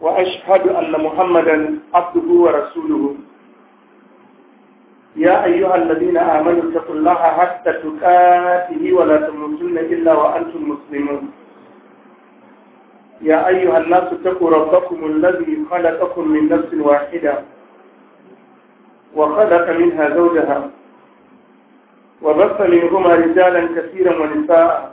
وأشهد أن محمدا عبده ورسوله يا أيها الذين آمنوا اتقوا الله حتى تكاته ولا تموتن إلا وأنتم مسلمون يا أيها الناس اتقوا ربكم الذي خلقكم من نفس واحدة وخلق منها زوجها وبث منهما رجالا كثيرا ونساء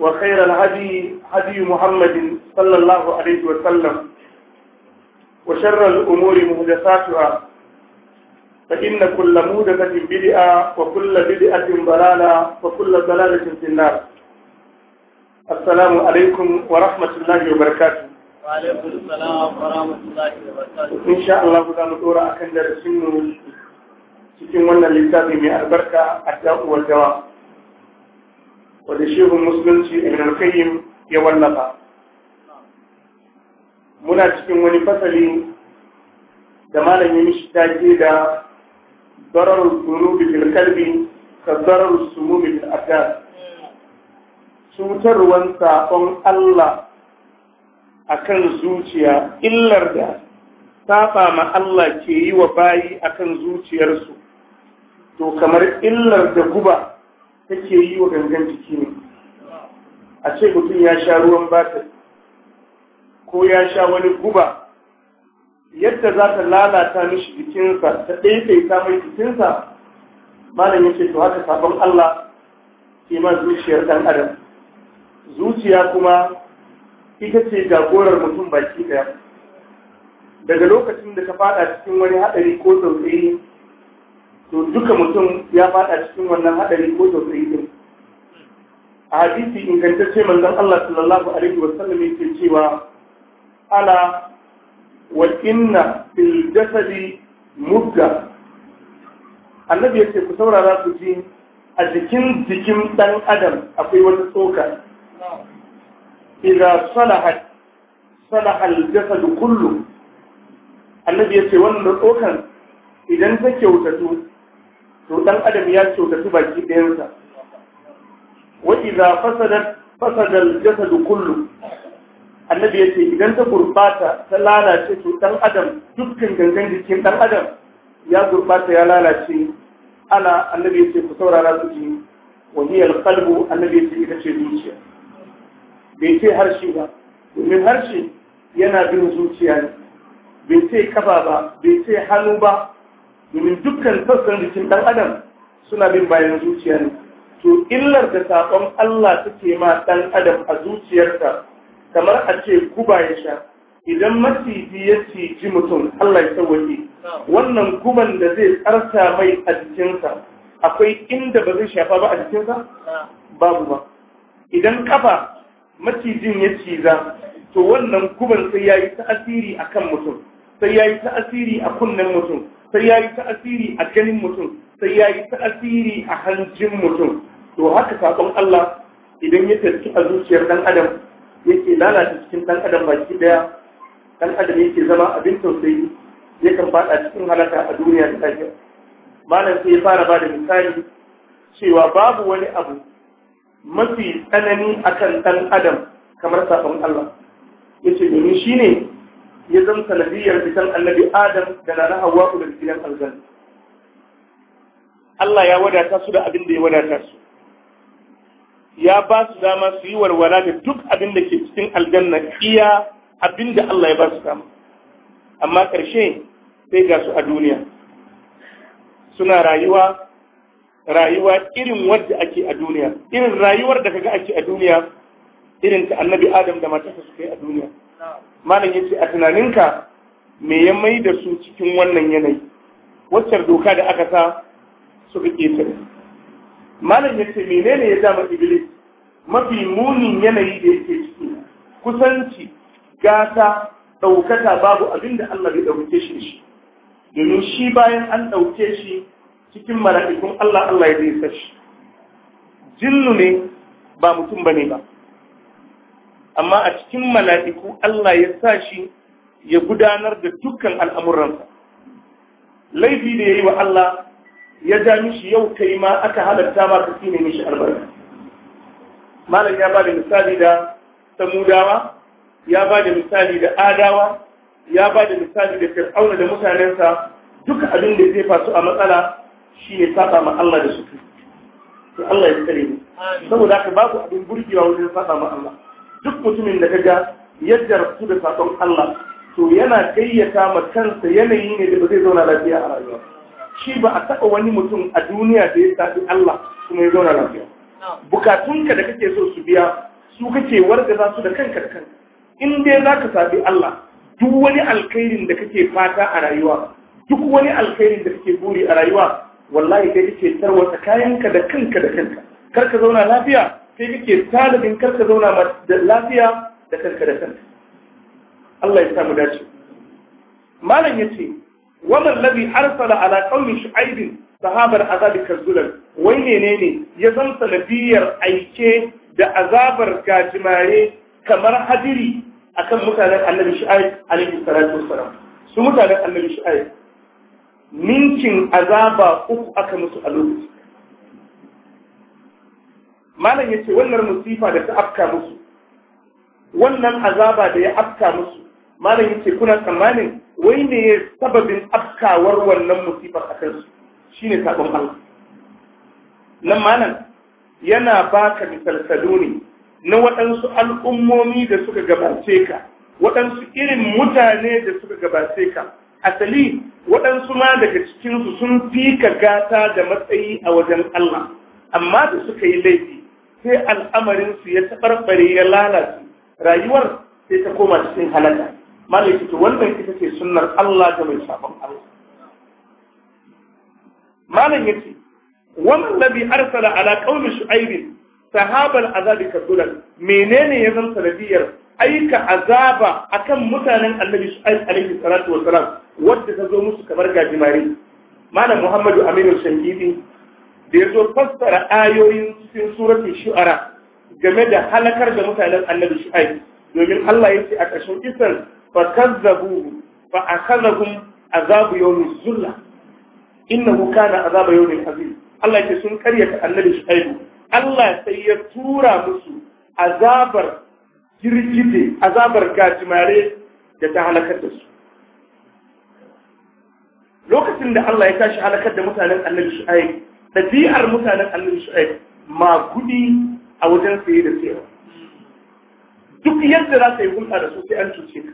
وخير الهدي هدي محمد صلى الله عليه وسلم وشر الأمور مهدساتها فإن كل مهدسة بدئة وكل بدئة ضلالة وكل ضلالة في النار السلام عليكم ورحمة الله وبركاته وعليكم السلام ورحمة الله وبركاته إن شاء الله ذا مدورة أكن درسين cikin wannan littafi mai albarka a da'uwar jawa wanda shehun musulunci a al-qayyim ya wallafa muna cikin wani fasali da malami ya ta ke da ضرر الذنوب في القلب كضرر السموم في الأبدان cutarwan saƙon Allah a kan zuciya illar da safa ma Allah ke yi wa bayi a kan zuciyarsu to kamar illar da guba take yi wa gangan jiki ne a ce mutum ya sha ruwan batir ko ya sha wani guba yadda za ta lalata mishi jikinsa ta ɗaiɗaita mai jikinsa malam ya ce to haka sabon Allah ke ma zuciyar ɗan adam zuciya kuma ita ce jagorar mutum baki ɗaya daga lokacin da ka fada cikin wani haɗari ko tsautsayi to duka mutum ya fada cikin wannan hadari ko tausayi din a hadisi ingantacce manzon Allah sallallahu alaihi wa sallam yake cewa ala wa inna fil jasadi mudda annabi yake ku saurara ku ji a jikin jikin dan adam akwai wata tsoka idza salahat salaha al jasad kullu annabi yace wannan tsokan idan ta kyautatu to dan adam ya ce kyautatu baki ɗayansa wa idza fasadat fasada al-jasad kullu annabi yace idan ta gurbata ta lalace to dan adam dukkan gangan jikin dan adam ya gurbata ya lalace ala annabi yace ku saurara su ji wa hiya al-qalbu annabi yace ita ce zuciya bai ce harshe ba domin harshe yana bin zuciya ne bai ce kafa ba bai ce hannu ba domin dukkan sassan jikin ɗan adam suna bin bayan zuciya ne to illar da saƙon Allah take ma ɗan adam a zuciyarsa kamar a ce guba ya sha idan maciji ya ciji mutum Allah ya tsawaki. wannan guban da zai tsarta mai a jikinsa akwai inda ba zai shafa ba a jikinsa babu ba idan kafa macijin ya ciza to wannan guban sai ya yi ta'asiri a kan mutum sai ya yi ta'asiri a kunnen mutum sai ya yi ta'asiri a ganin mutum sai ya yi ta'asiri a hanjin mutum to haka sabon Allah idan ya tafi a zuciyar ɗan adam yake lalata cikin dan adam baki daya dan adam yake zama abin tausayi yakan faɗa cikin halaka a duniya da lafiya malam sai ya fara ba da misali cewa babu wani abu mafi tsanani akan ɗan adam kamar sabon Allah yace domin shine ya zama sanadiyar fitan annabi adam da na hawa da gidan aljanna Allah ya wadata su da abin da ya wadata su ya ba su dama su yi warwara da duk abin da ke cikin aljanna iya abin da Allah ya ba su dama amma ƙarshe sai ga su a duniya suna rayuwa rayuwa irin wadda ake a duniya irin rayuwar da kaga ake a duniya irin ta annabi adam da matarsa suka yi a duniya malam ya ce, a tunaninka me ya mai da su cikin wannan yanayi waccar doka da aka sa suka ƙetare malam ya ce, menene ya dama iblis mafi munin yanayi da yake ciki kusanci gata ɗaukata babu abin da Allah bai ɗauke shi shi domin shi bayan an ɗauke shi cikin mala'ikun Allah Allah ya zai shi jinnu ne ba mutum bane ba amma a cikin mala'iku Allah ya sa shi ya gudanar da dukkan al'amuransa laifi da ya yi wa Allah ya ja mishi yau kai ma aka halarta ma ka ne mishi albarka malam ya ba da misali da samudawa ya ba da misali da adawa ya ba da misali da fir'auna da mutanensa duka abin da zai faso a matsala shine saba ma Allah da su to Allah ya tsare mu saboda haka babu abin burgewa wajen saba ma Allah duk mutumin da ga yadda rasu da saƙon Allah to yana gayyata ma kansa yanayi ne da ba zai zauna lafiya a rayuwa shi ba a taɓa wani mutum a duniya da ya tafi Allah kuma ya zauna lafiya bukatunka da kake so su biya su kake warga za su da kanka da kanka in dai za ka saɓi Allah duk wani alkhairin da kake fata a rayuwa duk wani alkhairin da kake buri a rayuwa wallahi kai kake tarwata kayanka da kanka da kanka kar ka zauna lafiya sai kake talibin karka zauna da lafiya da kanka da kanka Allah ya samu dace malam yace wannan labi arsala ala qaumi shu'aib sahabar azabi kazulan wai menene ya zan sanadiyar aike da azabar gajimare kamar hadiri akan mutanen annabi shu'aib alaihi salatu wassalam su mutanen annabi shu'aib ninkin azaba uku aka musu a lokaci malam ya ce wannan musifa da ta afka musu wannan azaba da ya afka musu malam ya ce kuna tsammanin wai ne ya sababin afkawar wannan musifar a kansu shi ne sabon Allah nan malam yana baka misalsalu ne na waɗansu al'ummomi da suka gabace ka waɗansu irin mutane da suka gabace ka asali waɗansu ma daga cikinsu sun fi ka gata da matsayi a wajen Allah amma da suka yi laifi sai al'amarinsu ya taɓarɓare ya lalace rayuwar sai ta koma cikin halaka malaki to wannan ita ce sunnar Allah ga mai sabon Allah malam yace wannan nabi arsala ala qaumi shu'aib sahabal azabi kadulan menene ya zama sanadiyar aika azaba akan mutanen annabi shu'aib alaihi salatu wassalam wadda ta zo musu kamar gajimare malam muhammadu aminu shangidi da ya zo fassara ayoyin cikin surat shu'ara game da halakar da mutanen annabi shu'ai domin Allah ya ce a ƙarshen isan fa kazzabu fa akhadhum azabu yawmi zulla innahu kana azaba yawmi azim Allah ya ce sun ta annabi shu'ai Allah sai ya tura musu azabar girgide azabar gajimare da ta halakar da su lokacin da Allah ya tashi halakar da mutanen annabi shu'ai ɗabi'ar mutanen annabi shu'aib ma gudi a wajen saye da sayarwa duk yadda za ka yi hulɗa da su sai an cuce ka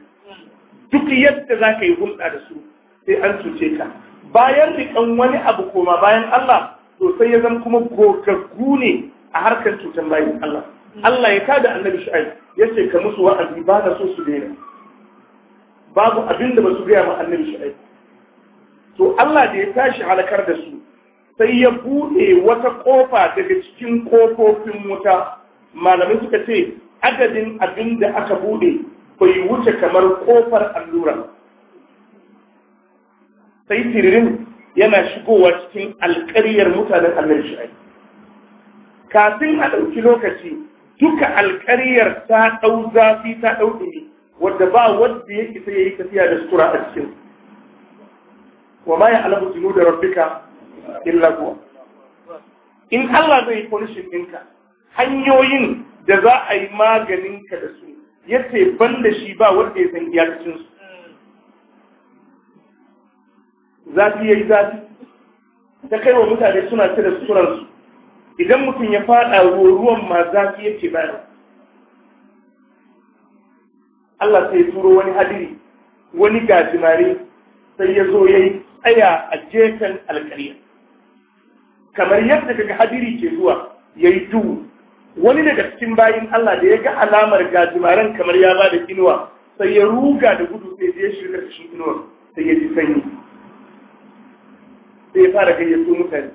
duk yadda za ka yi hulɗa da su sai an cuce ka bayan riƙan wani abu koma bayan Allah to sai ya zama kuma gogaggu ne a harkar cutar bayan Allah Allah ya kada annabi shu'aib ya ce ka musu wa'azi ba da so su daina babu abin da ba su gaya ma annabi shu'aib to Allah da ya tashi halakar da su sai ya buɗe wata ƙofa daga cikin ƙofofin wuta malamai suka ce adadin abin da aka buɗe bai wuce kamar ƙofar allura sai tiririn yana shigowa cikin alƙaryar mutanen annabi shi'a'i. kafin a ɗauki lokaci duka alƙaryar ta ɗau zafi ta ɗau ɗumi wadda ba wadda ya isa ya yi tafiya da sutura a cikin wa ma ya alamu da rabbika illa in Allah zai yi polishin ɗinka hanyoyin da za a yi maganinka da su ya ce ban da shi ba wanda ya san za su zafi ya yi zafi ta kai wa mutane suna da suturansu, idan mutum ya faɗa ruwan ma zafi yake bayan Allah sai turo wani hadiri wani gajimare sai ya zo ya yi tsaya a jefen alkariya kamar yadda daga hadiri ke zuwa ya yi duhu wani daga cikin bayin Allah da ya ga alamar gajimaren kamar ya ba da inuwa sai ya ruga da gudu sai ya shirka shi inuwa sai ya ji sanyi sai ya fara gayyato mutane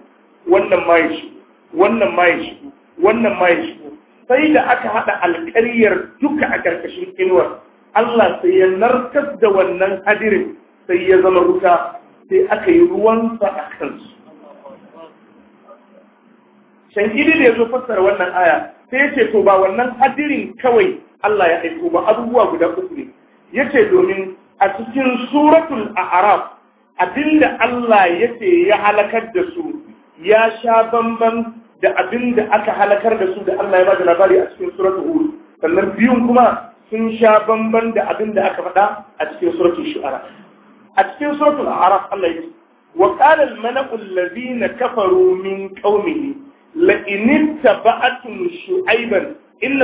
wannan ma ya shigo wannan ma ya shigo wannan ma ya shigo sai da aka haɗa alƙaryar duka a ƙarƙashin inuwar Allah sai ya narkas da wannan hadirin sai ya zama wuta sai aka yi ruwansa a kansu shankili da ya zo fassara wannan aya sai ya ce to ba wannan hadirin kawai Allah ya aiko ba abubuwa guda uku ne ya ce domin a cikin suratul a'raf abinda Allah ya ce ya halakar da su ya sha bamban da abinda aka halakar da su da Allah ya ba da labari a cikin suratul hud sannan biyun kuma sun sha bamban da abinda aka faɗa a cikin suratul shu'ara a cikin suratul a'raf Allah ya ce wa qala al-mala'u alladhina kafaru min qaumihi la in taba'atum shu'ayban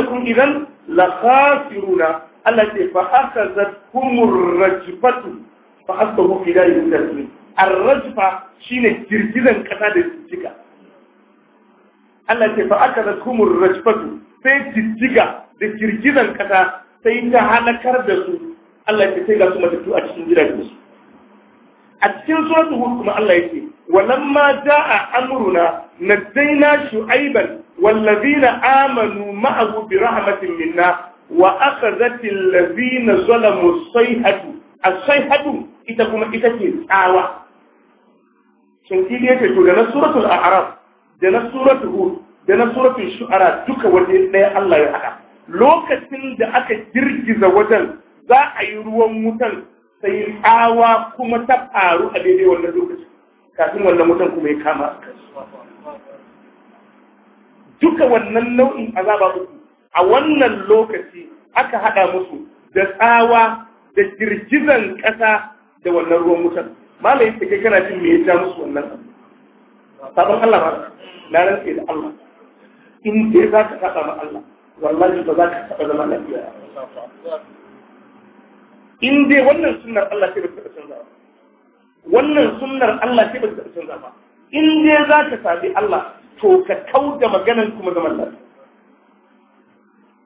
kun idan la khasiruna Allah ce fa akhazatkumur rajfatu fa asbahu fi darin taslim ar-rajfa shine girgizan kasa da jijjiga Allah ce fa akhazatkumur rajifatu, sai jijjiga da girgizan kasa sai ta halakar da su Allah ya sai ga su matattu a cikin gidajen su a cikin suratul hud kuma Allah ya ce. ولما جاء أمرنا نجينا شعيبا والذين آمنوا معه برحمة منا وأخذت الذين ظلموا الصيحة الصيحة إتكم إتكي آوة شنكيل يتجو لنا سورة الأعراف لنا سورة هود لنا سورة الشعراء دوك وجه الله يحقق lokacin da aka girgiza wajen za a yi ruwan wutan sai tsawa kuma ta faru a daidai wannan lokaci kafin wannan mutum kuma ya kama duka wannan nau'in azaba uku a wannan lokaci aka haɗa musu da tsawa da girgizan ƙasa da wannan ruwan wutan malayin take kana jin me ya musu wannan sabon Allah ba na rantsa da Allah in dai za ka saba ma Allah wallahi ba za ka saba zama lafiya in dai wannan sunnar Allah ce da suka canza ba wannan sunnar Allah ce ba ta canza ba in dai za ka sabi Allah to ka da maganar kuma zaman lafiya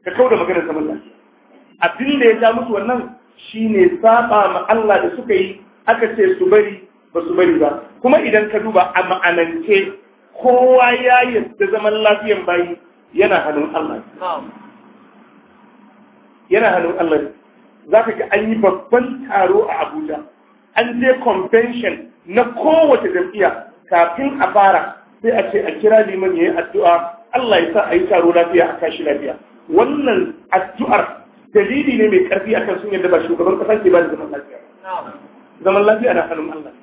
ka da maganar zaman lafiya abin da ya ja musu wannan shine saba ma Allah da suka yi aka ce su bari ba su bari ba kuma idan ka duba a ma'anance kowa ya da zaman lafiyan bayi yana hannun Allah yana hannun Allah za ka ga an yi babban taro a Abuja an je convention na kowace jam'iyya kafin a fara sai a ce a kira liman ya yi addu'a Allah ya sa a yi taro lafiya a kashi lafiya wannan addu'ar dalili ne mai karfi kan sun da ba shugaban kasa ke ba da zaman lafiya zaman lafiya na hannun Allah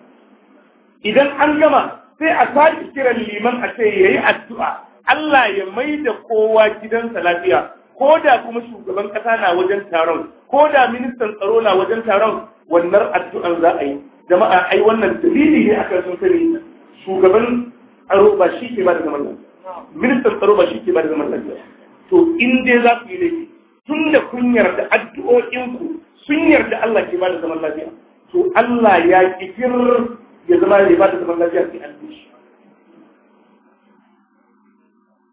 idan an gama sai a sake kiran liman a ce ya yi addu'a Allah ya mai da kowa gidansa lafiya ko da kuma shugaban kasa na wajen taron ko da ministan tsaro na wajen taron wannan addu'an za a yi jama'a ai wannan dalili ne akan sun sani shugaban tsaro shi ke ba da zaman lafiya ministan tsaro shi ke ba da zaman lafiya to in dai za ku yi laifi tun da kun yarda addu'o'inku sun yarda Allah ke ba da zaman lafiya to Allah ya kifir ya zama ne ba da zaman lafiya sai an bishi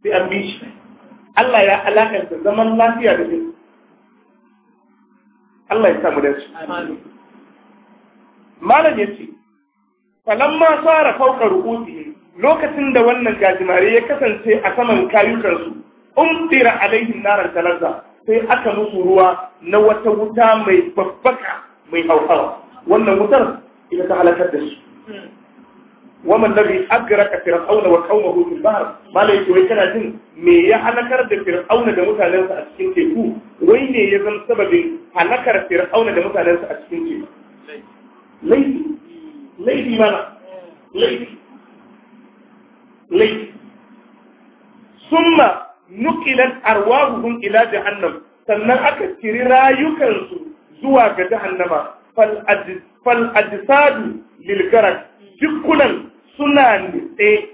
sai an bishi Allah ya alakanta zaman lafiya da Allah ya samu da su. malam ya yace falamma fara fauka ru'usi lokacin da wannan gajimare ya kasance a saman kayukansu in a alaihim narar talazza sai aka musu ruwa na wata wuta mai babbaka mai hauhawa wannan wutar ita ta halakar da su waman nabi agraka fir'auna wa qaumahu fil bahar. malai to kana jin me ya halakar da fir'auna da mutanensa a cikin teku wai ne ya zama sababin halakar fir'auna da mutanensa a cikin teku laifi laifi mana laifi laifi summa nuqilat arwahuhum ila jahannam sannan aka ciri rayukansu zuwa ga jahannama fal ajsadu lil garak jikunan suna nitse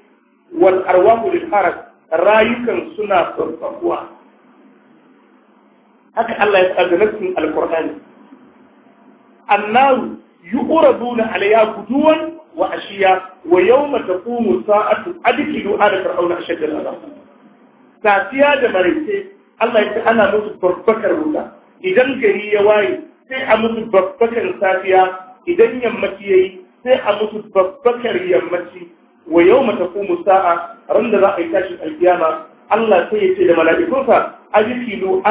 wal arwahu lil harak rayukan suna farfakuwa haka Allah ya tsada nassin alqur'ani annaru yu'raduna alayha guduwan wa ashiya wa yawma taqumu sa'atu adkilu ala fir'auna ashadda al'adab safiya da maraice Allah ya ce ana musu babbakar wuta idan gari ya waye sai a musu babbakar safiya idan yammaci yayi sai a musu babbakar yammaci wa yawma taqumu sa'a ran za a yi tashin alkiyama Allah sai ya ce da mala'ikunsa ajkilu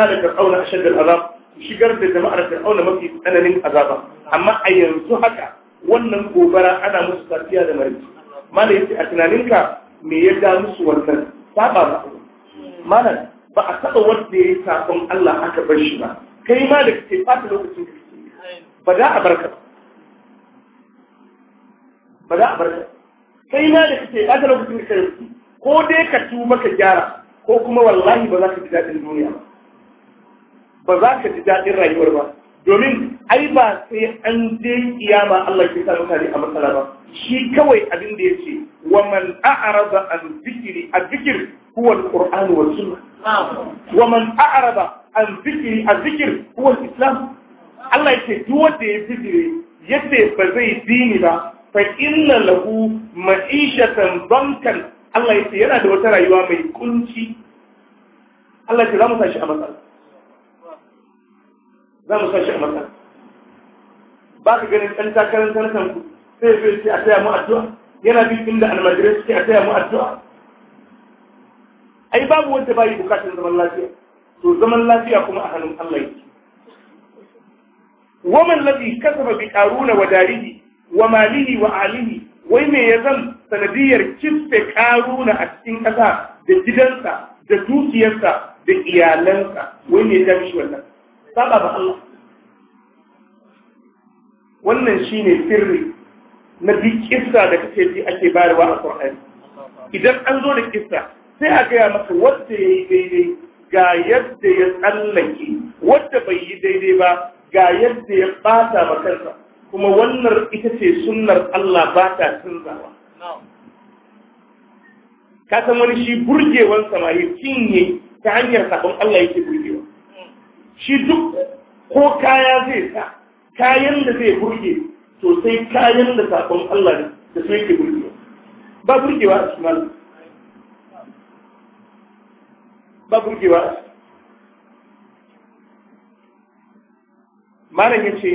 shigar da jama'ar fir'auna mafi tsananin azaba amma a yanzu haka wannan gobara ana musu tafiya da mariki mana yace a tunaninka me ya ga musu wannan saba ba mana ba a saba wanda ya yi sakon Allah aka bar shi ba kai ma da kake fata lokacin ka ba za a barka ba za a barka kai ma da kake fata lokacin ka ko dai ka tu ka gyara ko kuma wallahi ba za ka ji daɗin duniya ba ba za ka ji daɗin rayuwar ba domin ai ba sai an je kiyama Allah ke sa kare a matsala ba shi kawai abin da yace wa man a'rada an zikri az-zikr huwa al wa sunnah wa man a'rada an zikri az-zikr huwa al-islam Allah yake duk wanda ya zikire yace ba zai dini ba fa inna lahu ma'ishatan bankan Allah yake yana da wata rayuwa mai kunci Allah ya ce za mu sa shi a matsala za mu sashi a maka ba ka ganin ɗan takarar tarkan ku sai fi ce a taya mu addu'a yana bin inda almajirai suke a taya mu addu'a ai babu wanda bayi bukatun zaman lafiya to zaman lafiya kuma a hannun Allah yake waman ladhi kasaba bi qaruna wa darihi wa malihi wa alihi wai me ya zan sanadiyar kifte karuna a cikin kasa da gidansa da dukiyarsa da iyalansa wai me ya mishi wannan saba ba Allah wannan shine sirri na bi kissa da kake ji ake bayarwa a Qur'ani idan an zo da kissa sai a gaya maka wanda yayi daidai ga yadda ya tsallake wanda bai yi daidai ba ga yadda ya bata ba kuma wannan ita ce sunnar Allah ba ta canzawa ka san wani shi burgewan samari cinye ta hanyar sabon Allah yake burgewa shi duk ko kaya zai sa kayan da zai burge to sai kayan da sakon Allah da su yake burge ba burgewa a cikin ba burgewa a cikin malam ce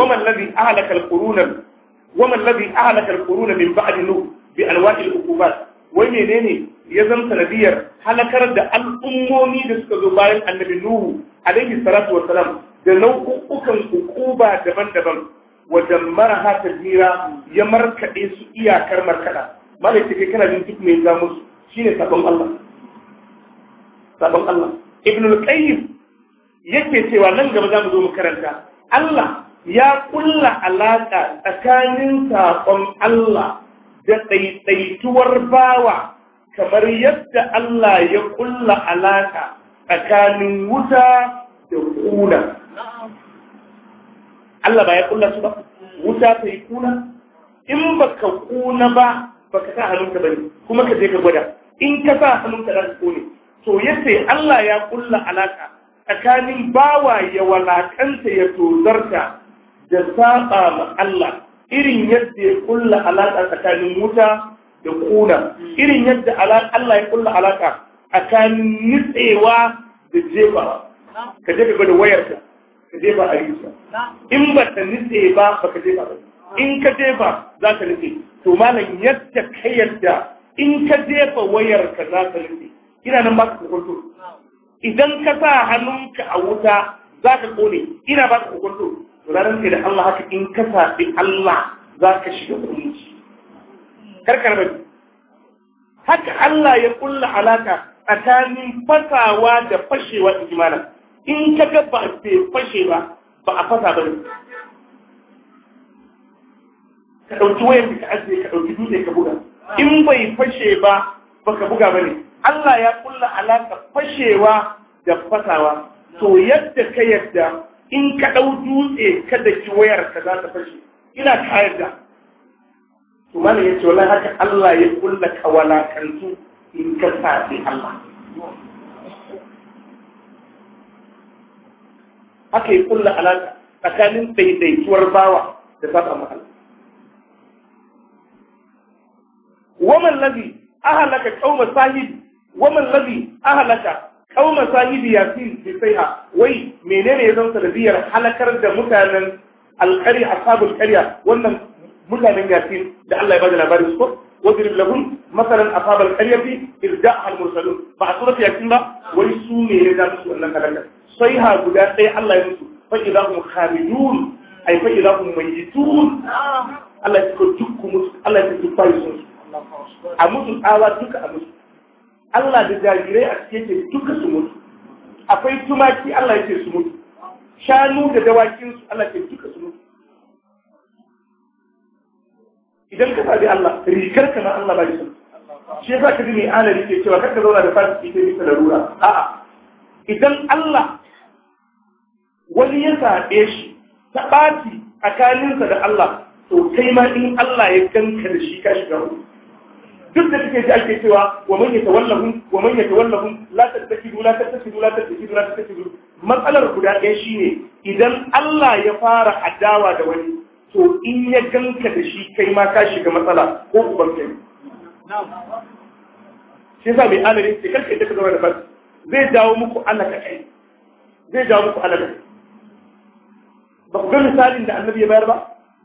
waman ladhi ahlaka alquruna waman ladhi ahlaka alquruna min ba'di nuh bi alwa'i aluqubat wai menene ya zama sanadiyar halakar da al'ummomi da suka zo bayan annabi Nuhu alaihi salatu wa salam da nau'ukan hukuma daban-daban wajen mara hatar mira ya markaɗe su iyakar markaɗa. malai take kana jin duk mai zamu shine sabon Allah sabon Allah ibn qayyim yake cewa nan gaba za mu zo mu karanta Allah ya kulla alaƙa tsakanin sabon Allah da tsaitsaituwar bawa kamar yadda Allah ya kulla alaka tsakanin wuta da kuna Allah ba ya kulla su ba wuta ta yi kuna in baka kuna ba baka sa hannunka ne. kuma ka je ka gwada in ka sa hannunka za ka kone to yadda Allah ya kulla alaka tsakanin bawa ya walakanta ya tozarta da saba ma Allah irin yadda ya kulla alaka tsakanin wuta da kuna irin yadda Allah ya kulla alaka tsakanin nitsewa da jefa. ka jefa ba da wayarka ka jefa a rijiya in ba ta nitse ba ba ka jefa ba in ka jefa za ka nitse to malam yadda ka yadda in ka jefa wayarka za ka nitse ina nan ba ka kokonto idan ka sa hannunka a wuta za ka kone ina ba ka kokonto to ranar da Allah haka in ka saɓi Allah za ka shiga kunci karkar bari haka Allah ya kulla alaka tsakanin fasawa da fashewa in malam in ka ga ba ce fashe ba ba a fasa ba ne ka ɗauki wayan ka ajiye ka ɗauki dutse ka buga in bai fashe ba ba ka buga ba ne Allah ya kulla alaka fashewa da fasawa to yadda ka yadda in ka ɗau dutse ka daki wayar ka za ta fashe ina ka yadda to mana ce wani haka Allah ya kulla kawalakantu in ka sabi Allah haka ya kulla alaƙa tsakanin daidaituwar bawa da saba mahal waman ladhi ahlaka qauma sahib waman ladhi ahlaka qauma sahib yasin sai ha, wai menene ya da biyar halakar da mutanen a sabon ƙarya wannan mutanen yasin da Allah ya bada bari su ko wadrib lahum masalan asaba al-qaryati irja'aha al-mursalun ba a surati yasin ba wai su ne ya da su wannan kalanda sai ha guda ɗaya Allah ya musu fa idza hum khamidun ay fa idza hum mayyitun Allah ya dukku mutu, Allah ya dukku su a mutu awa duka a mutu. Allah da jarirai a cikin duka su mutu akwai tumaki Allah ya ce su mutu shanu da dawakin su Allah ya ce duka su mutu idan ka sabi Allah rigar ka na Allah ba shi shi yasa ka ji mai alari ke cewa kar ka zauna da fasiki sai bisa larura a'a idan Allah wani ya saɓe shi ta ɓaci tsakaninsa da Allah to kai ma in Allah ya ganka da shi ka shiga hudu duk da take ji ake cewa wa man yatawallahu wa man yatawallahu la tattakidu la tattakidu la tattakidu la tattakidu matsalar guda ɗaya shine idan Allah ya fara adawa da wani to in ya ganka da shi kai ma ka shiga matsala ko uban kai shi za mai yi ce karka yadda ka zama da farko zai dawo muku alaka kai zai dawo muku alaka ba ku ga misalin da annabi ya bayar ba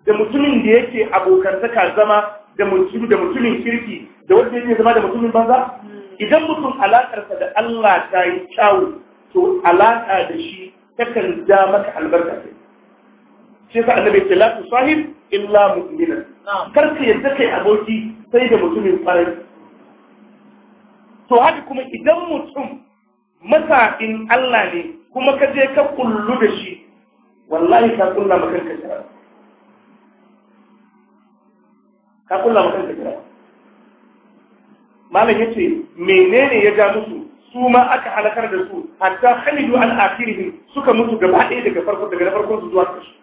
da mutumin da yake abokantaka zama da mutumin da mutumin kirki da wanda yake zama da mutumin banza idan mutum alakarsa da Allah ta yi kyawu to alaka da shi takan ja maka albarka shi yasa annabi ya ce la tusahib illa mu'minan kar ka yadda kai aboki sai da mutumin kwarai to haka kuma idan mutum masa'in Allah ne kuma ka je ka kullu da shi wallahi ka kulla maka kanka jira. ka kulla maka kanka kira malam yace menene ya ga musu su ma aka halakar da su hatta khalidu al akhirihim suka mutu gaba ɗaya daga farko daga farkon su zuwa ƙarshe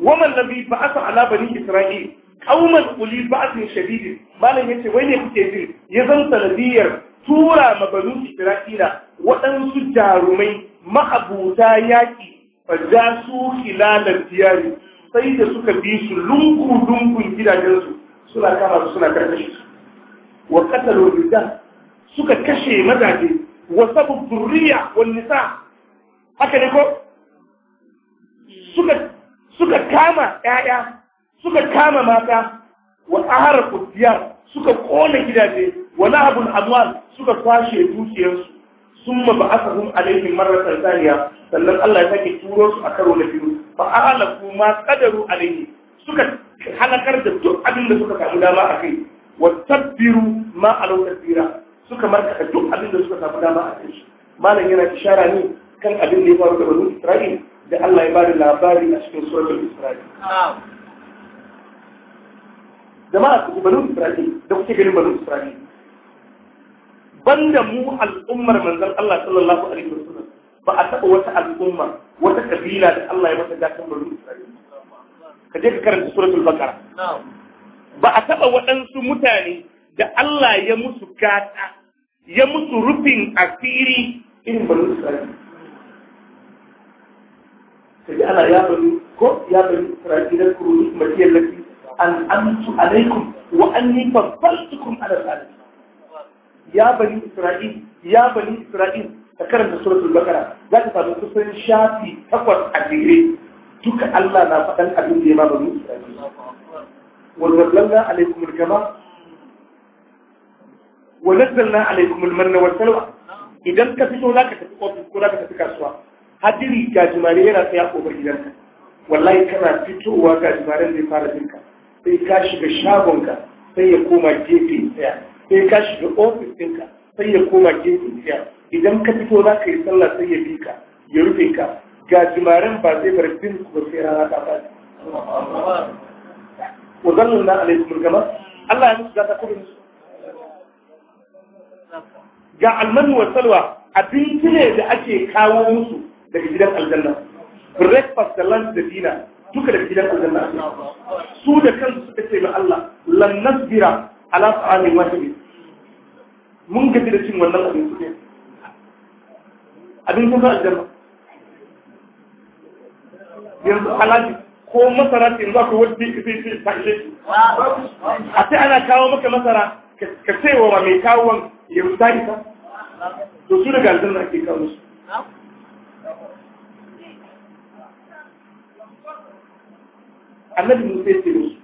waman ba ba'atha ala bani isra'il qauman ba ba'athin shadid malam yace wai ne kuke jin ya zan sanadiyar tura ma bani isra'ila waɗansu jarumai ma'abuta yaƙi fadda su hilalar diyari sai da suka bi su lungu-lungun gidajensu suna kama su suna karkashe su wa katalo rijal suka kashe mazaje wa sabu zurriya wal nisa haka ne ko suka suka kama ‘ya'ya suka kama mata wa ahara kutiyar suka kona gidaje wa lahabul amwal suka kwashe dukiyarsu sun ma ba'asahum alaihim marar thaniya sannan Allah ya sake turo su a karo na biyu fa ahlaku ma qadaru alaihi suka halakar da duk abin da suka samu dama a kai wa tabbiru ma alau tabbira suka markata duk abin da suka samu dama a kai malam yana ishara ne kan abin da ya faru da banu Isra'il da Allah ya bada labari a cikin suratul Isra'i jama'a ku banu isra'il da kuke ganin banu Isra'i banda mu al'ummar manzon Allah sallallahu alaihi wasallam ba a taɓa wata al'umma wata kabila da Allah ya mata gatan banu isra'il. ka je ka karanta suratul Baqara ba a taɓa waɗansu mutane da Allah ya musu gata ya musu rufin asiri irin banu isra'il. kaji ana ya bari ko ya bani da kuruni matiyar lafi an amtu alaikum wa an yi babbaltukum ala zalim ya bari isra'il ya bari isra'il ta karanta suratul bakara za ta samu kusan shafi takwas a jere duka Allah na faɗan abin da ya ma bani isra'il wa zallalna alaikum al-kama wa nazzalna alaikum al-manna wal salwa idan ka fito za ka tafi ofis ko za ka tafi kasuwa hadiri Gajimare yana tsaye a kofar gidanka wallahi kana fitowa Gajimaren zai fara jinka sai ka shiga shagonka sai ya koma gefe tsaya sai ka shiga ofis ɗinka sai ya koma gefe tsaya idan ka fito za ka yi sallah sai ya bi ka ya rufe ka ga ba zai bar bin ku ba sai rana ta fadi wa zallu na alaikum gama Allah ya musu ta kudin su ga almanu wa salwa abinci ne da ake kawo musu daga gidan aljanna breakfast da lunch da dinner duka daga gidan aljanna su da kansu suka ce ma Allah lan nasbira ala ta'amin wahid mun gaji da cin wannan abin suke abin kun aljanna yanzu alaji ko masara ce yanzu akwai wadda ya sai ta ile a sai ana kawo maka masara ka ce wa mai kawon yanzu ta ita to su daga aljanna ake kawo su annabi musa ya ce musu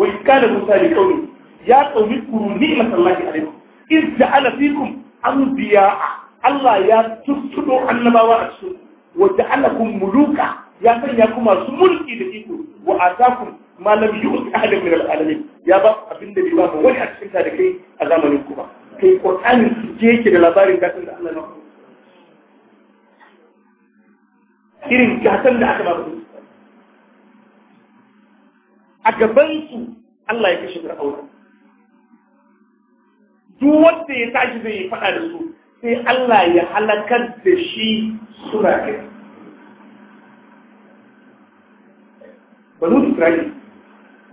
wa kana musa li qawmi ya qawmi kuru ni'mat allahi alaykum iz ja'ala fikum anbiya'a Allah ya tuttudo annabawa a cikin wa ja'alakum muluka ya sanya ku masu mulki da iko wa atakum ma lam yu'ti ahadan min al-alamin ya ba abin da bai ba wani a cikin ta da kai a zamanin ku ba kai su je yake da labarin gatan da Allah n'a maka irin gatan da aka ba a gabansu Allah ya kashe fir'auna duk wanda ya tashi zai yi faɗa da su sai Allah ya halakar da shi suna kai banu Isra'il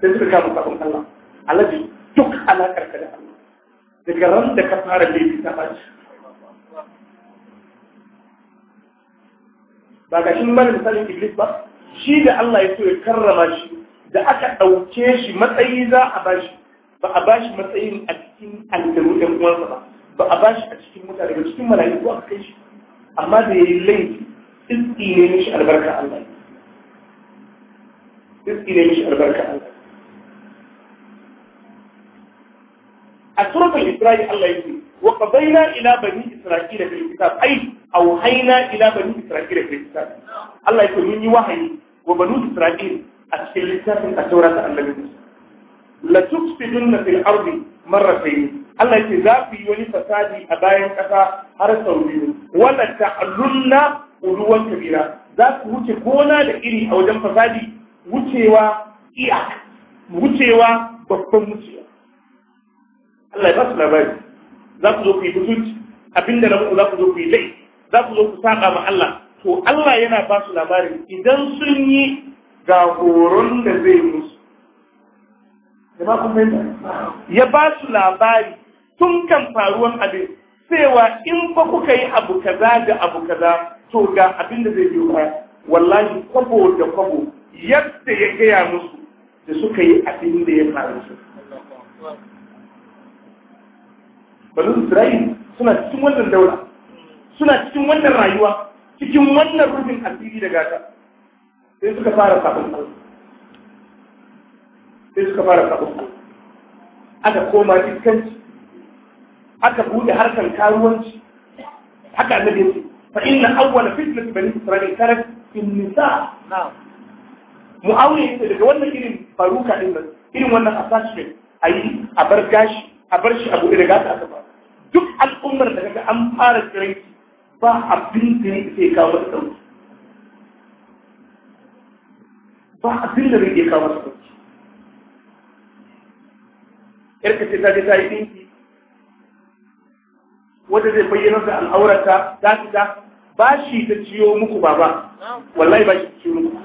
sai suka kama sabon Allah alabi duk alaƙar ka da Allah daga ran da ka fara laifi ta ɓaci ba ga shi mara misalin Iblis ba shi da Allah ya so ya karrama shi da aka ɗauke shi matsayi za a bashi ba a bashi matsayin a cikin aljanu ɗan uwansa ba ba a bashi a cikin mutane ba cikin mala'iku aka kai shi amma da yayi laifi iski ne mishi albarka Allah iski ne mishi albarka Allah a suratul isra'i Allah yake wa qadayna ila bani isra'ila fil kitab ay awhayna ila bani isra'ila fil kitab Allah yake mun yi wahayi wa bani isra'ila a cikin littafin a taura ta annabi la tufsidunna fil ardi marratayn Allah ce za ku yi wani fasadi a bayan ƙasa har sau biyu wala ta'allunna uluwan kabira za ku wuce gona da iri a wajen fasadi wucewa iyaka wucewa babban wucewa Allah ya ba su labari za ku zo ku yi mutunci abinda na muku za ku zo ku yi lai za ku zo ku saba ma Allah to Allah yana ba su labarin idan sun yi ga horon da zai musu ya ba su labari tun kan faruwan abin cewa in fa kuka yi abu kaza da abu kaza to ga abin da zai biyo wallahi kwabo da kwabo yadda ya gaya musu da suka yi abin da ya faru su banu Isra'il suna cikin wannan daura, suna cikin wannan rayuwa cikin wannan rufin asiri da gata sai suka fara sabon sai suka fara sabon aka koma iskanci aka bude harkan karuwanci haka annabi yace fa inna awwala fitnati bani isra'il kanat fi nisa na'am muawiya yace daga wannan irin faruka din nan irin wannan attachment ayi a bar gashi a bar shi a buɗe daga aka ba duk al'ummar da kaga an fara kiranki ba abin da yake kawo mata dauki ba abin da rike kawo su kuci yarka ce ta je ta yi ɗinki wanda zai bayyana da al'aurata ta ta. ba shi ta ciyo muku baba wallahi ba shi ta ciyo muku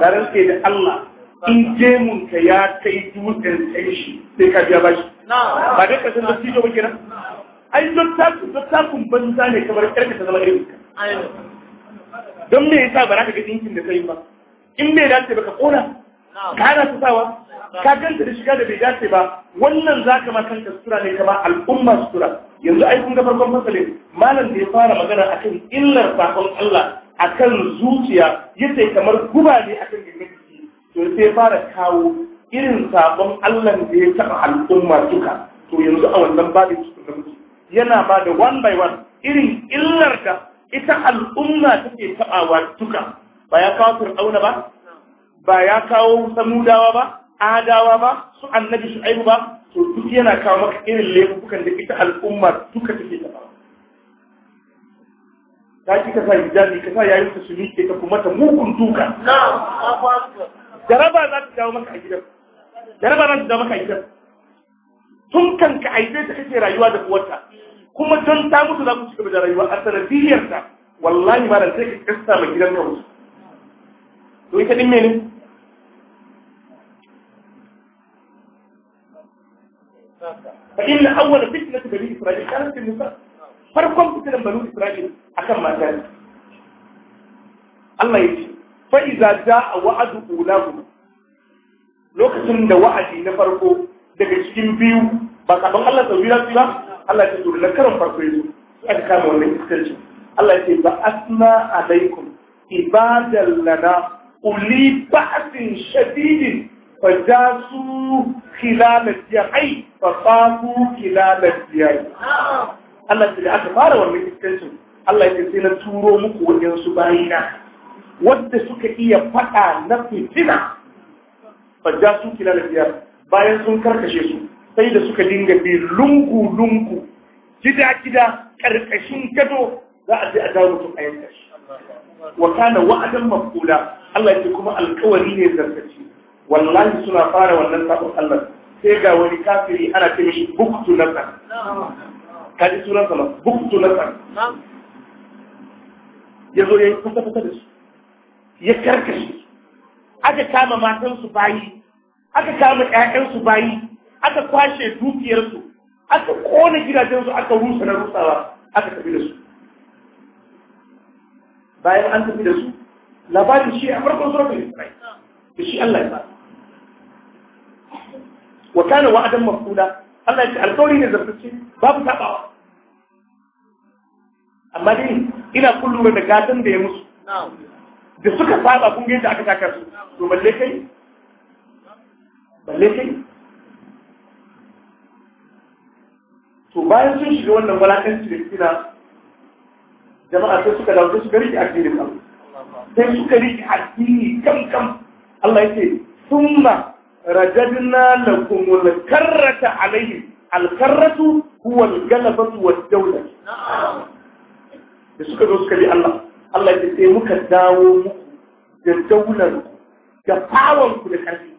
da rantse da Allah in mun ka ya kai dutsen kai shi sai ka biya bashi ba dai kasan da cijo ba kenan ai dottakun dottakun banza ne kamar yarka ta zama irin ka don me yasa ba za ka ga dinkin da kai ba in bai dace ba ka kona ka hana ta sawa ka ganta da shiga da bai dace ba wannan za ka kanka sutura ne kama al'umma sutura yanzu ai kun ga farkon fasalin malam da ya fara magana akan illar saƙon Allah akan zuciya ce kamar guba ne akan gangan jiki to sai fara kawo irin saƙon Allah da ya taɓa al'umma duka to yanzu a wannan babin cikin yana ba da one by one irin illar da ita al'umma take taɓawa duka ba ya kawo fir'auna ba ba ya kawo samudawa ba adawa ba su annabi shu'aibu ba to duk yana kawo maka irin laifukan da ita al'umma duka take da ta ki ka sa hijabi ka sa yayin su miƙe ka kuma ta mugun duka jaraba za ta dawo maka a gidan jaraba za ta dawo maka a gidan tun kanka aibe ta kake rayuwa da uwarta kuma don ta mutu za ku ci gaba da rayuwa a sanadiyarta wallahi ba da sai ka kasta ma gidan ka mutu to ita din mene fa inna awwala fitnati bani isra'il kanat fil nisa farkon fitinan bani isra'il akan mata ne Allah yi ce fa iza jaa wa'adu ulahum lokacin da wa'adi na farko daga cikin biyu ba sabon Allah sau biyu ba Allah ya ce to karan farko yazo aka kama wannan iskarci Allah ya ce ba asna alaikum ibadan lana uli ba'sin shadidin fa jasu khilal al-jahai fa qamu khilal al Allah ya aka fara wannan discussion Allah ya sai na turo muku wajen su bayina wanda suka iya faɗa na fitina fa jasu khilal al-jahai bayan sun karkashe su sai da suka dinga bi lungu lungu gida gida karkashin gado za a je a dawo mutum a yanka shi wa kana wa'adan mafula Allah ce kuma alkawari ne zartace wallahi suna fara wannan sabon Allah sai ga wani kafiri ana ce mishi buktu nasar ji sunan sa buktu nasar ya zo ya yi kusa kusa da su ya karkashe aka kama matansu bayi aka kama ƴaƴansu bayi aka kwashe su aka kona gidajensu aka rusa na rusawa aka tafi da su bayan an tafi da su labarin shi a farkon suratul Isra'i da shi Allah ya ba wa kana wa'adan mafuda Allah ya ce alƙawari ne zartacce babu tabawa amma dai ina kullu da gatan da ya musu da suka saba kun ga yadda aka taka su to balle kai balle kai to bayan sun shiga wannan walakanci da kina jama'a sai suka dawo su gari a addinin Allah sai suka riƙe addini kam kam Allah yake summa rajadna lakum al-karrata alayhi al-karratu huwa al-galabatu wad-dawla da suka zo suka bi Allah Allah ya sai muka dawo muku da daular da pawon ku da karfi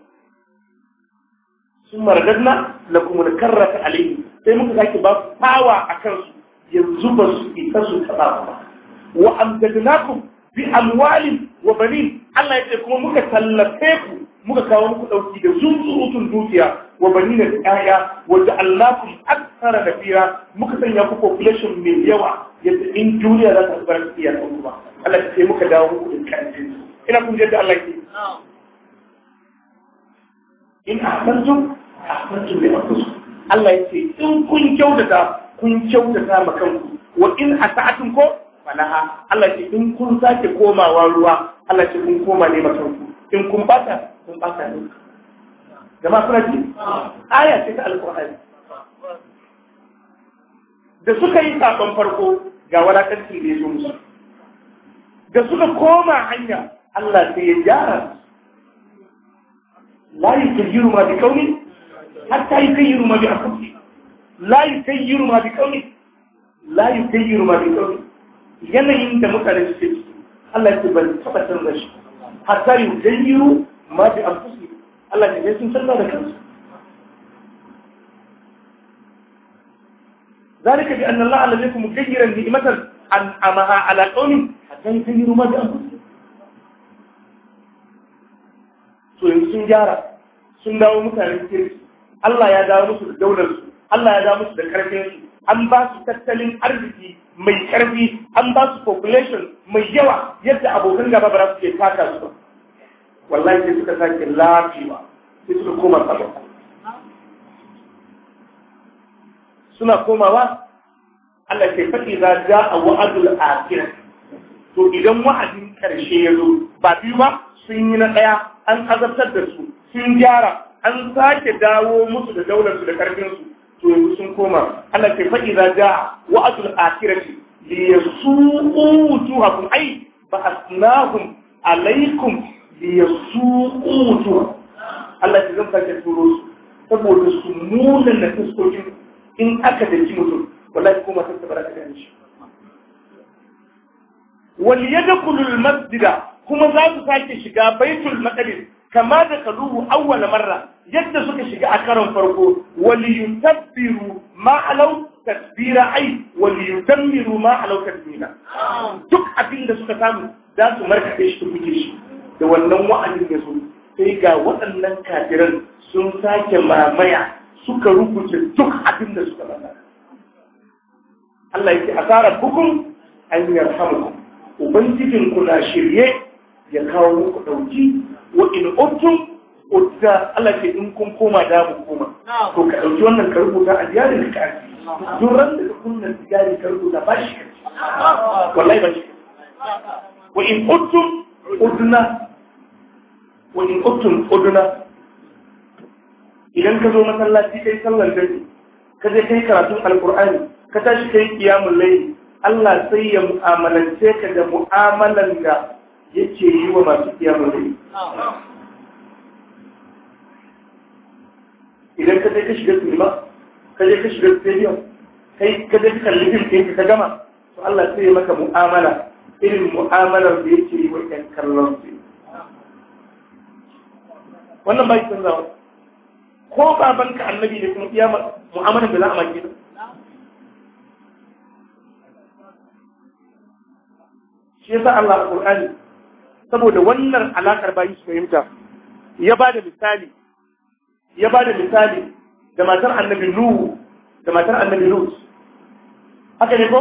summa rajadna lakum al-karrata alayhi sai muka sake ba pawa akan su yanzu ba su isa su taba ba wa amdadnakum bi amwalin wa banin Allah ya ce kuma muka tallafe ku muka kawo muku dauki da zunzurutun dukiya wa banin da ƴaƴa wa ja'alnakum aktsara nafira muka sanya ku population mai yawa yadda in duniya za ta bar iya kuma Allah ya ce muka dawo muku da kanji ina kun je da Allah ke in ahsantum ahsantum li anfusikum Allah ya ce in kun kyautata kun kyautata ma kanku wa in asa'atum ko falaha Allah ce in kun sake komawa ruwa Allah ce kun koma ne mutum in kun bata kun bata ne jama'a kuna ji aya ce ta alqur'ani da suka yi sakon farko ga wadatanci ne su musu da suka koma hanya Allah sai ya gyara la yukayyiru ma bi kauni hatta yukayyiru ma bi anfusihim la yukayyiru ma bi kauni la yukayyiru ma bi kauni yanayin da mutane suke ciki Allah ke bari taɓa canza shi hatta yi jayyiru ma bi amfusi Allah ke sun canza da kansu ذلك بأن الله علم لكم مغيرا نعمة أنعمها على قوم حتى يغيروا ما بأنفسهم. So yanzu sun gyara, sun dawo mutanen kirki, Allah ya dawo musu da daular su, Allah ya dawo musu da karfin su, an ba su tattalin arziki mai ƙarfi an ba su population mai yawa yadda abokan gaba ba su ke taka su wallahi sai suka sake lafiya sai suka koma tsaro suna komawa Allah ke faɗi za ja a wa'adul akhirah to idan wa'adin karshe ya zo ba biyu ba sun yi na ɗaya an azabtar da su sun gyara an sake dawo musu da daular su da karfin su to sun koma Allah ke faɗi za ga wa'adul akhirati li yasu'u wujuhakum ai fa asnahum alaikum li yasu'u wujuhakum Allah ya zan sake turo su saboda su nuna na fuskokin in aka dace mutum wallahi kuma sai ta baraka da shi wal yadkhulul masjida kuma za su sake shiga baitul maqdis kama da kaluhu awwal marra yadda suka shiga a karon farko waliyutabbiru ma alau tasbira ai waliyutammiru ma alau tasbira duk abin da suka samu za su markaɗe shi kuke shi da wannan wa'anin da su sai ga waɗannan kafiran sun sake mamaya suka rubuce duk abin da suka mata Allah yake asarar hukum an yarhamu ku na shirye ya kawo muku ɗauki wa in Uzza Allah ke in kun koma da mu koma. To ka ɗauki wannan ka rubuta a ziyarar ka aji. Duk ran da ka kunna ziyarar ka rubuta ba shi ka Wallahi ba shi Wa in kuntum uduna. Wa in kuntum uduna. Idan ka zo masallaci kai sallar dare, ka je kai karatun alqur'ani ka tashi kai qiyamul layl Allah sai ya mu'amalance ka da mu'amalan da yake yi wa masu qiyamul layl idan ka je ka shiga sinima ka je ka shiga stadium kai ka je ka kalli fim ɗin ka gama to Allah sai ya maka mu'amala irin mu'amalar da yake yi wa ƴan kallon su wannan bai canzawa ko baban ka annabi ne kuma iya mu'amalar da za a maki shi yasa Allah a Qur'ani saboda wannan alakar bayi su fahimta ya ba da misali ya ba da misali da matar annabi Nuhu da matar annabi Lut haka ne ko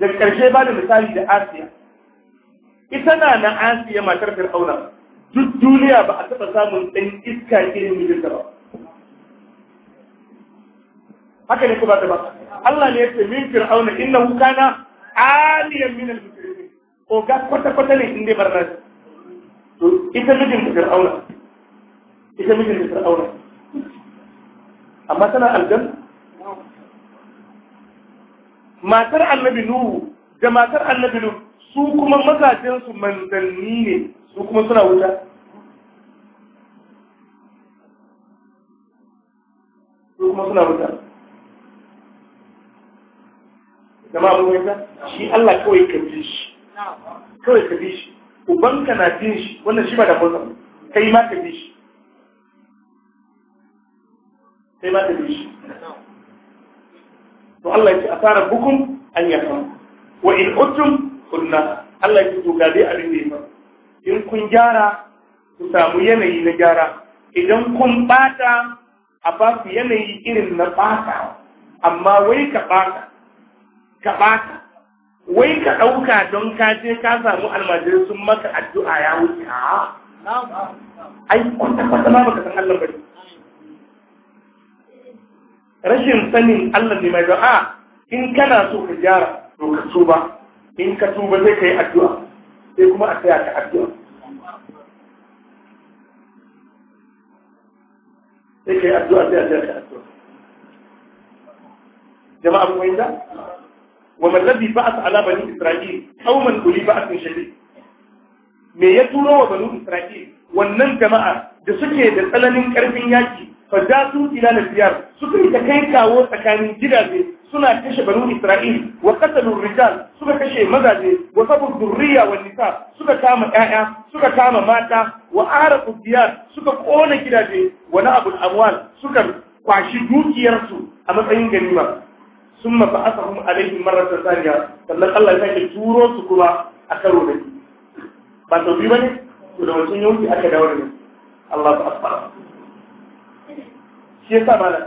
daga karshe ba da misali da Asiya ita na na Asiya matar Fir'auna duk duniya ba a taɓa samun ɗan iska irin mijinta ba haka ne ko ba ta ba Allah ne ya ce min Fir'auna innahu kana aliyan min al-mujrimin ko ga kwata kwata ne inda barna to ita mijin Fir'auna ita mijinta Fir'auna amma tana aljan? matar annabi nuhu da matar annabi nuhu su kuma mazajensu manzanni ne su kuma suna wuta su kuma suna wuta jama'a mun wuta shi Allah kawai ka bi shi kawai ka bi shi ubanka na bi shi wannan shi ba da mutum kai ma ka bi shi sai ma ta shi to Allah ya ce asara bukum an yafa wa in uttum kunna Allah ya ce to dai abin da ya faru in kun gyara ku samu yanayi na gyara idan kun bata a ba yanayi irin na bata amma wai ka bata ka bata wai ka ɗauka don ka je ka samu almajirin sun maka addu'a ya wuce a ai kun kwata ma baka san Allah ne rashin sanin Allah ne mai ba'a in kana so ka gyara to ka tuba in ka tuba zai kai addu'a sai kuma a tsaya ka addu'a sai kai addu'a sai a tsaya ka addu'a jama'a mu fahimta wa man ladhi ba'atha ala bani isra'il qauman uli ba'athin shadid me ya turo wa bani isra'il wannan jama'a da suke da tsananin karfin yaki فجاسوا إلى الديار سكري تكيكا وتكاني جدازي سنة كشف بنو إسرائيل وقتلوا الرجال سنة كشف مزاجي وصبوا الذرية والنساء سنة كام آية سنة كام ماتا وأعرفوا الديار سنة قونا جدازي ونأبوا الأموال سنة kwashi dukiyarsu a matsayin ganima sun mafi asahun alaihim marar saniya sannan Allah ya sake turo su kuma a karo da ba sau biyu ba ne to da wancan yauki aka dawo da ne Allah ba asfara shi yasa mana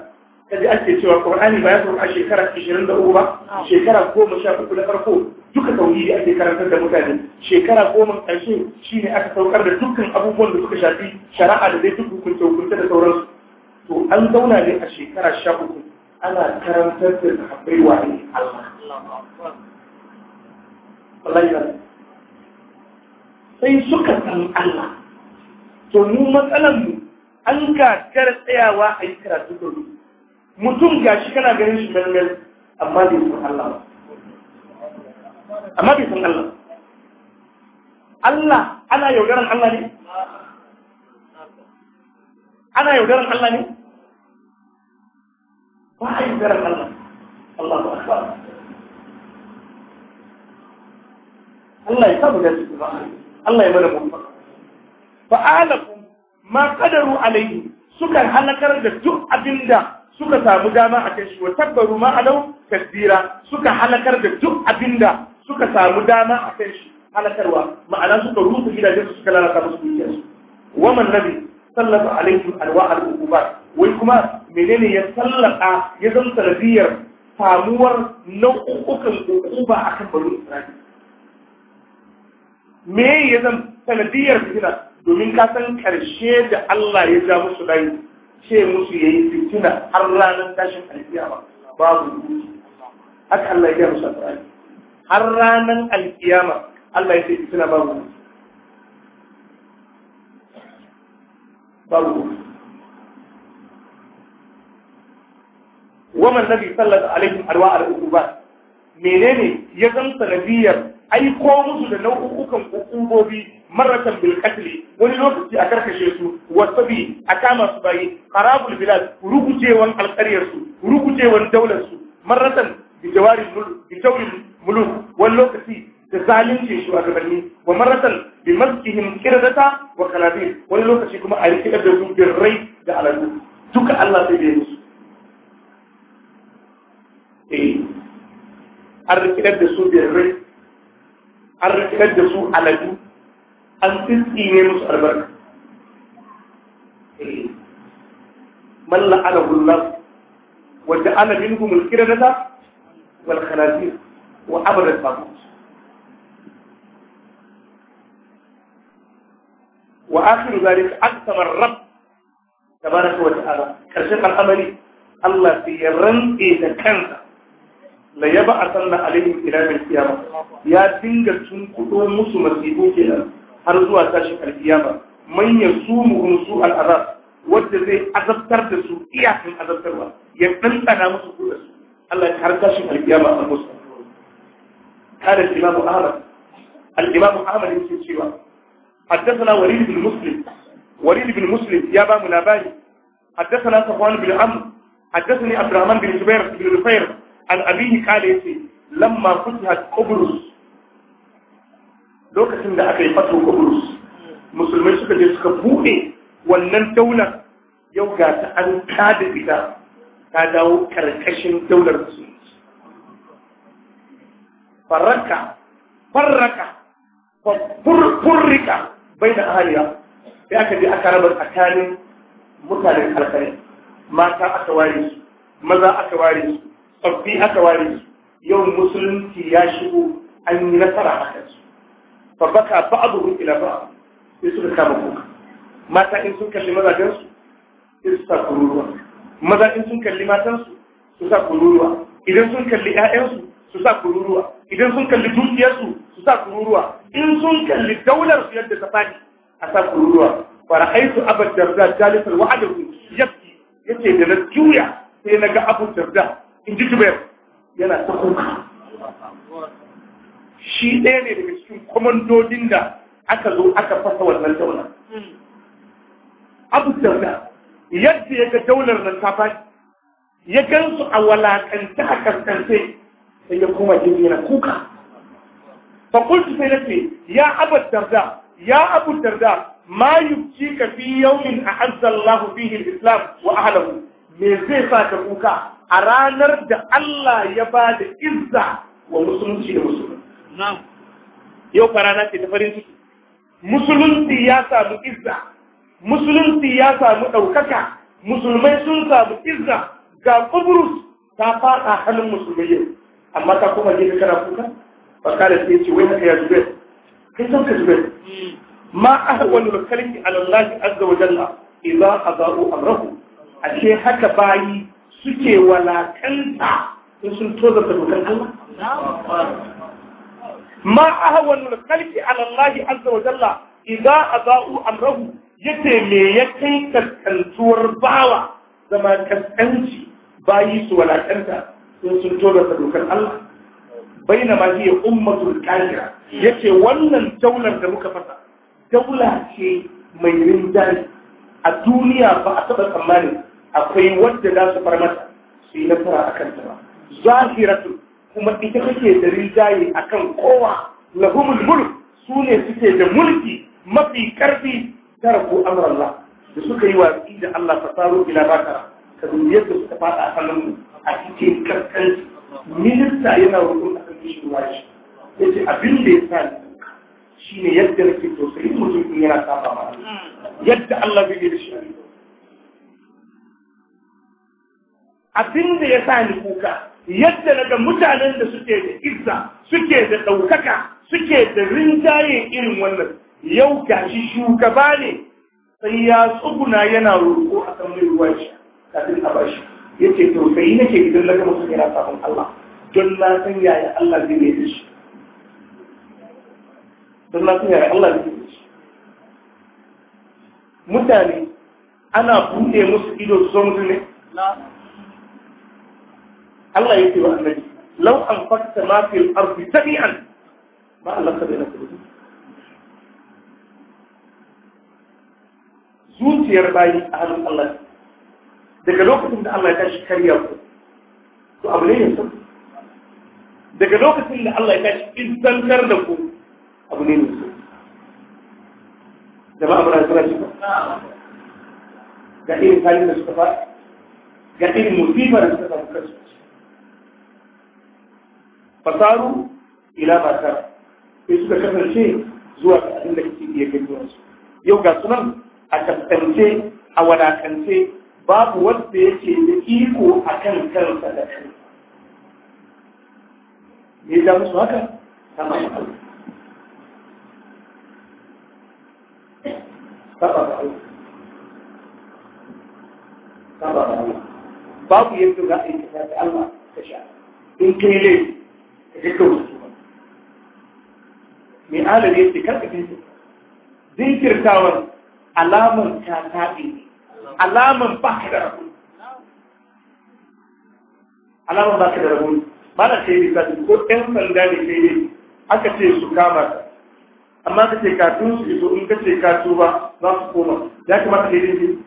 kaji ake cewa Qur'ani ba ya faru a shekara 23 ba shekara goma sha 14 na farko duka tauhidi ake karantar da mutane shekara 10 ƙarshe ne aka saukar da dukkan abubuwan da suka shafi shari'a da zai fi hukunce hukunce da sauransu to an zauna ne a shekara sha 13 ana karantar da sahabbai wa Allah wallahi sai suka san Allah to ni matsalar mu an kakar tsayawa a yi karatu da mutum ga shi kana ganin shi melmel amma bai san Allah amma bai san Allah Allah ana yaudaran Allah ne ana yaudaran Allah ne ba a yaudaran Allah Allah ba akbar Allah ya samu gaske ba Allah ya mana mun ba fa'alaku ma qadaru alaihi sukan halakar da duk abinda suka samu dama a kai shi wa tabbaru ma alau tasbira suka halakar da duk abinda suka samu dama a kai shi halakarwa ma'ana suka rufe gidaje su suka lalata musu dukiyar su wa man nabi sallafa alaihim alwa al-uqubat wai kuma menene ya sallata ya zama sanadiyar samuwar nau'ukan uquba akan bani isra'ila me ya zama sanadiyar fitina domin ka san karshe da Allah ya ja musu dai ce musu yayi fitina har ranar tashin alkiyama babu haka Allah ya musu alkiyama har ranar alkiyama Allah ya ce fitina babu babu waman nabi sallallahu alaihi arwa al-uqubat menene ya zanta nabiyar aiko musu da nau'ukan hukumobi marratan bil qatl wani lokaci a karkashe su wasabi a kama su bayi qarabul bilad rugujewan alqaryar su rugujewan daular su marratan bi jawaril mulk bi jawril muluk wani lokaci da zalunci shugabanni wa maratan bi maskihim kiradata wa kalabir wani lokaci kuma a rikidar da su rai da aladu duka Allah sai da musu eh an rikidar da su rai an rikidar da su aladu الفلسي من مصر من لعنه الله وجعل منكم الكردة والخنازير وعبر الطاغوت وآخر ذلك أقسم الرب تبارك وتعالى كشف الأمل الله في رن إذا كان لا يبعثن عليهم إلى من القيامة يا دينك تنقطو مسلم في بوكينا har zuwa tashin alkiyama su yasumuhum su al'azab wanda zai azabtar da su iyakin azabtarwa ya ɗanɗana musu kuɗa su Allah ya har tashin alkiyama a musu kada imamu ahmad al-imamu ahmad yake cewa حدثنا وليد بن مسلم وليد بن مسلم يا بام نباني حدثنا صفوان بن عمرو حدثني عبد الرحمن bin جبير بن نفير عن أبيه قال يتي لما فتحت قبرص lokacin da aka yi fato Kudus musulmai suka je suka buɗe wannan daular yau ga ta an kada ita ta dawo karkashin daular musulunci farraka farraka furrika bai da ahaliya sai aka je aka raba tsakanin mutanen alkhairi mata aka ware su maza aka ware su tsoffi aka ware su yau musulunci ya shigo an yi nasara a kansu fa baka ba'dhum ila ba'd sai suka kama kuka mata in sun kalli mazajen su sai su sa kururuwa maza in sun kalli matan su su sa kururuwa idan sun kalli ƴaƴan su su sa kururuwa idan sun kalli dukiyar su su sa kururuwa in sun kalli daular su yadda ta fadi a sa kururuwa fa ra'aytu abad darda jalisa wa'adahu yabki yace da na juya sai na ga abu darda in ji jubair yana ta kuka shi ɗaya ne daga cikin kwamandodin da aka zo aka fasa wannan dauna. Hmm. abu dauda yadda ya ga daular nan ta faɗi ya gan su a walakance a kaskance sai ya koma jini yana kuka fakultu sai na ce ya abu darda ya abu darda ma yubci ka fi yawin a azzallahu fihin islam wa ahlahu me zai sa ka kuka a ranar da Allah ya ba da izza wa musulunci da musulunci yau farana ce ta farin ciki musulunci ya samu izza musulunci ya samu ɗaukaka musulmai sun samu izza ga kuburus ta faɗa hannun musulmai yau amma ta kuma ka kana kuka ba ka da sai ce wai haka ya zube kai san ka zube hmm. ma ahwanu wani kalimi alallahi azza wa jalla a azau amrahu ce haka bayi suke walakanta in sun toza dokan kuma ma ahwanul khalqi ala Allah azza wa jalla idza azau amrahu yace me ya kai kaskantuwar bawa zama kaskanci bayi su walakanta sun sun tona dokar Allah baina ma hiya ummatul kafira yace wannan daular da muka fasa daula ce mai rinjaye a duniya ba a taɓa tsammanin akwai wadda za su far mata su yi nasara a kanta ba zahiratu kuma ita kake da rinjaye akan kowa lahumul mulk su ne suke da mulki mafi karfi taraku amrallah da suka yi watsi da Allah ta saro ila bakara ka dubi yadda suka fada a mu a cikin karkan minista yana rukun a kan shi waje yace abin da ya sa ne yadda nake tausayin mutum yana saba ma mm. yadda Allah bai da shi abin da ya sa ni kuka yadda daga mutanen da suke da izza suke da ɗaukaka suke da rinjaye irin wannan yau gashi shugaba ne sai ya tsuguna yana roƙo a kan mai ruwa shi kafin a bashi ya ce to sai nake idan na gama sun yana sabon Allah don na san yaya Allah zai mai da shi don na san yaya Allah zai mai da shi mutane ana buɗe musu ido su zo mutum ne الله يتبع النبي لو أنفقت ما في الأرض سميعا ما ألقى بينك بذلك زون تير باي أهل الله دك لو كنت الله يتعش كريم تو أبليه سب دك لو كنت الله يتعش إنسان كرنكو أبليه سب جماعة برا سلا شبا جاتين سالين سكفا جاتين مصيبة سكفا مكسوش fasaru ila matar sai suka kasance zuwa ga abin da kake iya wasu. yau ga sunan a kaskance a wadakance babu wanda yake da iko a kan kansa da kai me ya musu haka sama da Allah babu yadda za a yi da Allah ta sha in kai laifi ka je ka rusu ba mai alabi ya ce kar ka jinsu alamar ta taɓe ne alamar ba ka da rabu alamar ba ka da rabu ba na sai bisa ko ɗan sanda ne sai ne aka ce su kama ka amma ka ce ka tun su iso in ka ce ka ba za su koma ya kamata ka yi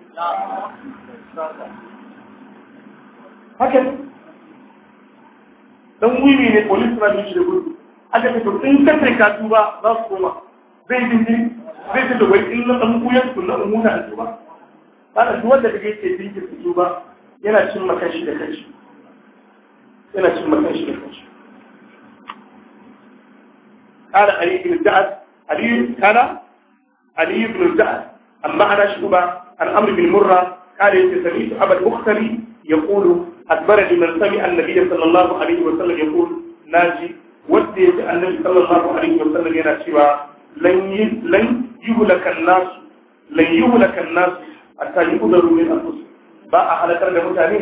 haka dan wuyi ne police na miki da gudu aka fito in ka sai ka tuba za su koma zai jin jin zai ce da in na dan su na umuna a tuba ana duk wanda kake ce dinki su tuba yana cin makan da kanshi yana cin makan shi da kanshi قال علي بن الجعد علي كان علي بن الجعد أما أنا شعبة عن أمر بن مرة قال سمعت أبا يقول أكبرني من سمع النبي صلى الله عليه وسلم يقول ناجي ودي النبي صلى الله عليه وسلم يناشيوا لن لن يهلك الناس لن يهلك الناس حتى يقدروا من أنفسهم باء على ترد متعني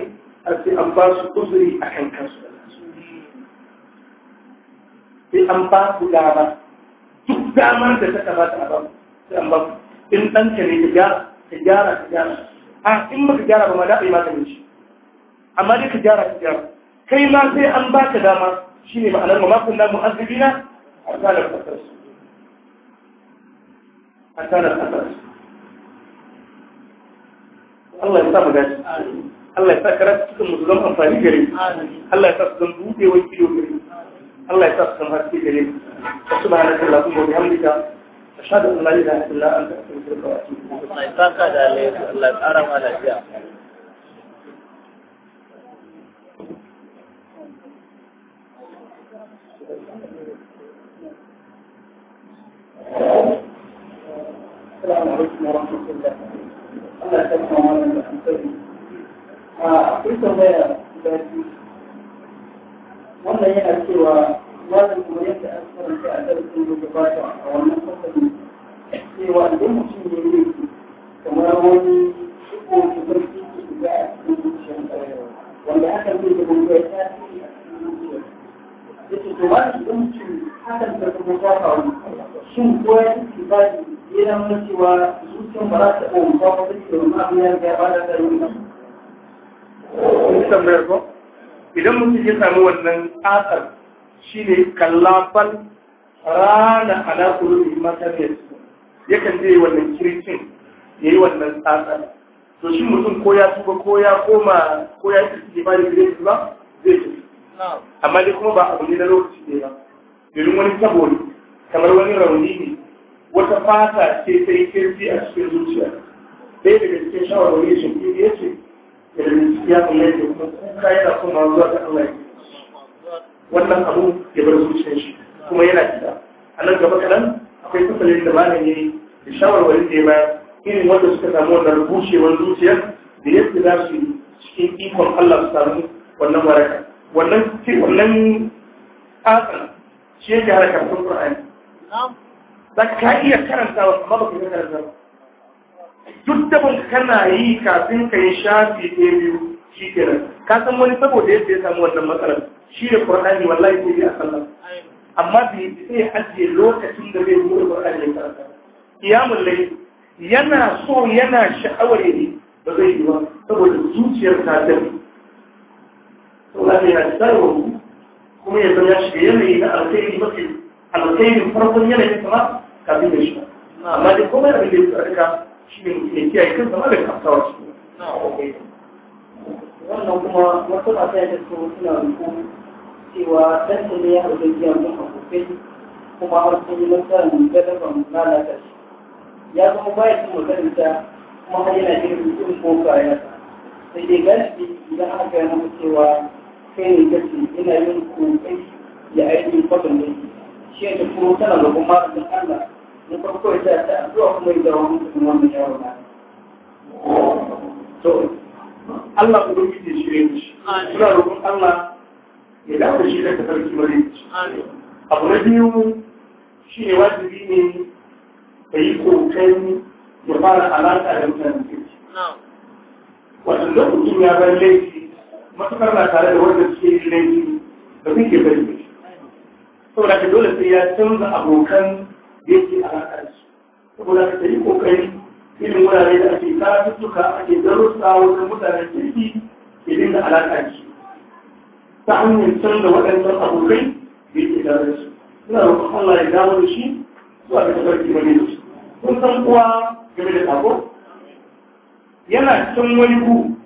أتي أنباس أزري أكن كاسو في أنباس دابا duk damar da ta kamata a ba sai an ba in ɗanka ne ka gyara ka gyara ka gyara a in maka gyara ba ma da a yi maganin shi amma dai ka gyara ka gyara kai ma sai an baka dama shine ma'anar ma kunna mu'azzibina a kasar su a kasar su Allah ya sa mu dace Allah ya sa karatu cikin musulun amfani gare Allah ya sa su buɗe buɗewar kilo gare Allah ya sa su zama haske gare yi allahumma wa bihamdika أشهد أن لا إله إلا أنت أستغفرك وأتوب إليك. الله يسعدك على الله يسعدك على السلام عليكم ورحمة الله أنا أتكلم عن الأنسان أقول لها ذاتي وانا هنا سوى لازم مريك في أدب المجبات أو النفس سوى المشي يريد كما هوني شكو في ذاتي في ذاتي ولا أخذ من المجبات yake to ba shi ɗancin hakan da kuma ta faru shin ko ya ci cuta ne ya zama cewa zuciyan ba za ta ɗaya mutuwa ba take da wani abu ya riga ba da ta yi wani tambayar ko idan mutum ya samu wannan ƙasar shi ne kallafal rana ala kulubi makamiyar yakan je wannan kirkin ya yi wannan tsatsan to shi mutum ko ya tuba ko ya koma ko ya ci ba da ba zai ci amma dai kuma ba abu ne na lokaci ne ba domin wani tabo ne kamar wani rauni ne wata fata ce ta yi kirfi a cikin zuciya ɗaya daga cikin shawarwari shi ne ya ce ya kuma yake kuma kuka yana kuma zuwa ga Allah wannan abu ya bar zuciyar shi kuma yana gida a nan gaba kaɗan akwai fasalin da malam ya yi da shawarwari da ya bayar irin wanda suka samu wannan rubucewar zuciyar da yadda za su yi cikin ikon Allah su samu wannan waraka wannan ce wannan tsatsar shi ya karatun Qur'ani za ka iya karanta wasu amma ba ka yi karanta ba duk da ban kana yi kafin ka yi shafi ɗaya biyu shi nan ka san wani saboda yadda ya samu wannan matsalar shi ne Qur'ani wallahi yi a sallah amma bai sai ajiye lokacin da bai buɗe Qur'ani ya karanta Iyamun layl yana so yana sha'awar yi ba zai yi ba saboda zuciyar ta tafi kuma ya zama ya ya kuma yana da ne wannan kuma wasu masu yadda su suna ne ya kuma har sun ya zama baya cin makaranta kuma sai dai gashi idan aka gaya masa cewa kai ne kace ina yin kokari da aikin kwatan ne shi ne kuma tana da kuma Allah na farko ya ta zuwa kuma ya dawo kuma mai yaro na to Allah ku dubi da shi ne suna roƙon Allah ya dafa shi da tafarki mare abu na biyu shi ne wajibi ne ka yi kokari ya fara alaƙa da mutane kirki wato lokacin ya bar laifi Matuƙar na tare da wanda suke yi laifi da zai ke bari mai saboda ka dole sai ya canza abokan da yake alaƙar su saboda ka ta yi ƙoƙari irin wurare da ake karatuttuka ake darussa wajen mutanen kirki ke dinga alaƙa su ta hanyar canza waɗannan abokai da yake tare su ina roƙon Allah ya dawo da shi zuwa ga tabarki da su kun san kuwa game da sako yana cikin wani ku